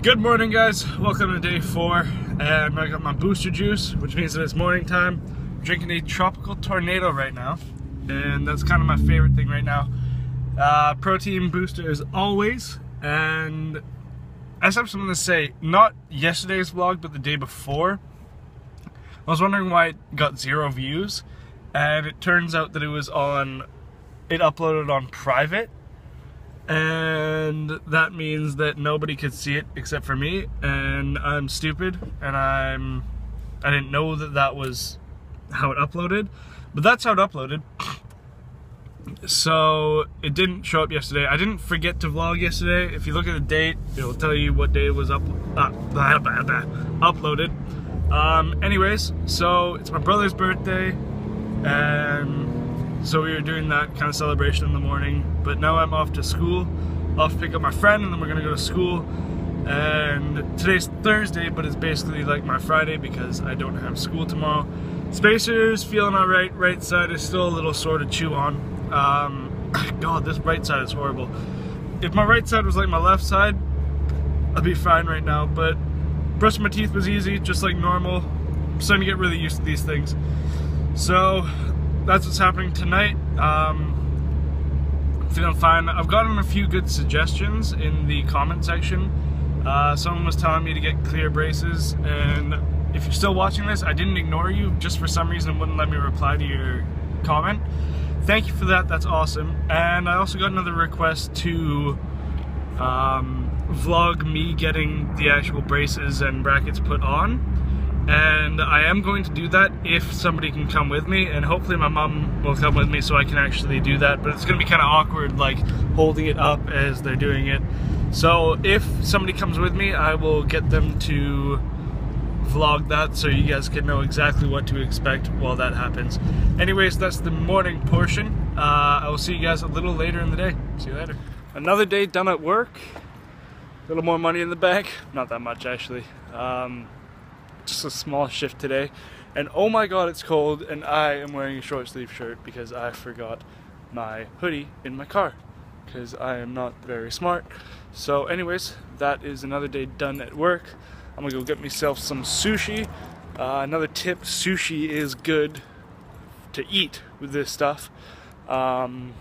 Good morning, guys. Welcome to day four. and I got my booster juice, which means that it's morning time. I'm drinking a tropical tornado right now, and that's kind of my favorite thing right now. Uh, protein booster as always, and I just have something to say. Not yesterday's vlog, but the day before. I was wondering why it got zero views, and it turns out that it was on, it uploaded on private, and that means that nobody could see it except for me and I'm stupid and I'm I didn't know that that was how it uploaded but that's how it uploaded so it didn't show up yesterday I didn't forget to vlog yesterday if you look at the date it'll tell you what day it was up uh, blah, blah, blah, uploaded um anyways so it's my brother's birthday and so we were doing that kind of celebration in the morning. But now I'm off to school, off to pick up my friend, and then we're gonna go to school. And today's Thursday, but it's basically like my Friday because I don't have school tomorrow. Spacers feeling all right. Right side is still a little sore to chew on. Um, God, this right side is horrible. If my right side was like my left side, I'd be fine right now. But brushing my teeth was easy, just like normal. I'm starting to get really used to these things. So that's what's happening tonight. Um, feeling fine. I've gotten a few good suggestions in the comment section. Uh, someone was telling me to get clear braces, and if you're still watching this, I didn't ignore you. Just for some reason, wouldn't let me reply to your comment. Thank you for that. That's awesome. And I also got another request to um, vlog me getting the actual braces and brackets put on and I am going to do that if somebody can come with me and hopefully my mom will come with me so I can actually do that but it's gonna be kind of awkward like holding it up as they're doing it so if somebody comes with me I will get them to vlog that so you guys can know exactly what to expect while that happens anyways that's the morning portion uh, I will see you guys a little later in the day see you later another day done at work a little more money in the bank not that much actually um, just a small shift today. And oh my god, it's cold, and I am wearing a short sleeve shirt because I forgot my hoodie in my car because I am not very smart. So, anyways, that is another day done at work. I'm gonna go get myself some sushi. Uh, another tip sushi is good to eat with this stuff. Um,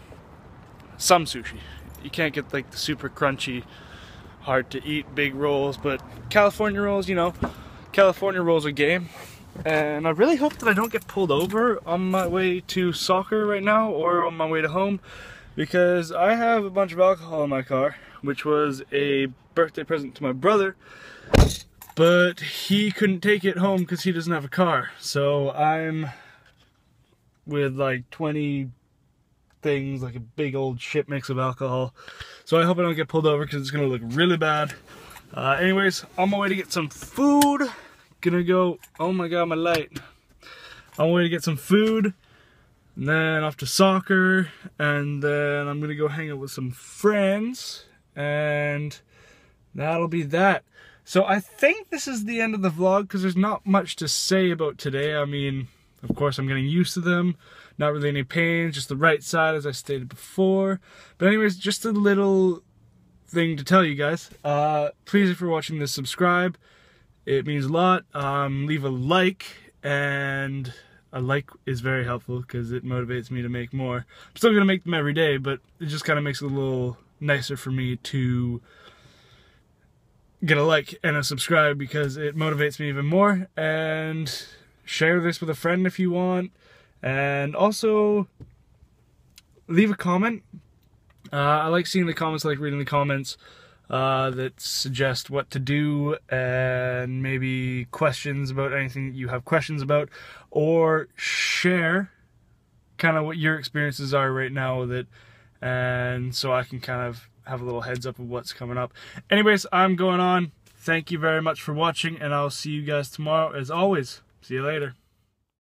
some sushi. You can't get like the super crunchy, hard to eat big rolls, but California rolls, you know, California rules a game. And I really hope that I don't get pulled over on my way to soccer right now or on my way to home because I have a bunch of alcohol in my car, which was a birthday present to my brother, but he couldn't take it home because he doesn't have a car. So I'm with like 20 things, like a big old shit mix of alcohol. So I hope I don't get pulled over because it's going to look really bad. Uh, anyways, on my way to get some food gonna go, oh my god, my light. I'm going to get some food, and then off to soccer, and then I'm gonna go hang out with some friends, and that'll be that. So I think this is the end of the vlog because there's not much to say about today. I mean, of course, I'm getting used to them. Not really any pain, just the right side as I stated before. But anyways, just a little thing to tell you guys. Uh, please, if you're watching this, subscribe. It means a lot. Um, leave a like, and a like is very helpful because it motivates me to make more. I'm still going to make them every day, but it just kind of makes it a little nicer for me to get a like and a subscribe because it motivates me even more. And share this with a friend if you want. And also, leave a comment. Uh, I like seeing the comments, I like reading the comments uh, that suggest what to do and maybe questions about anything that you have questions about, or share kind of what your experiences are right now with it, and so I can kind of have a little heads up of what's coming up. Anyways, I'm going on. Thank you very much for watching, and I'll see you guys tomorrow. As always, see you later.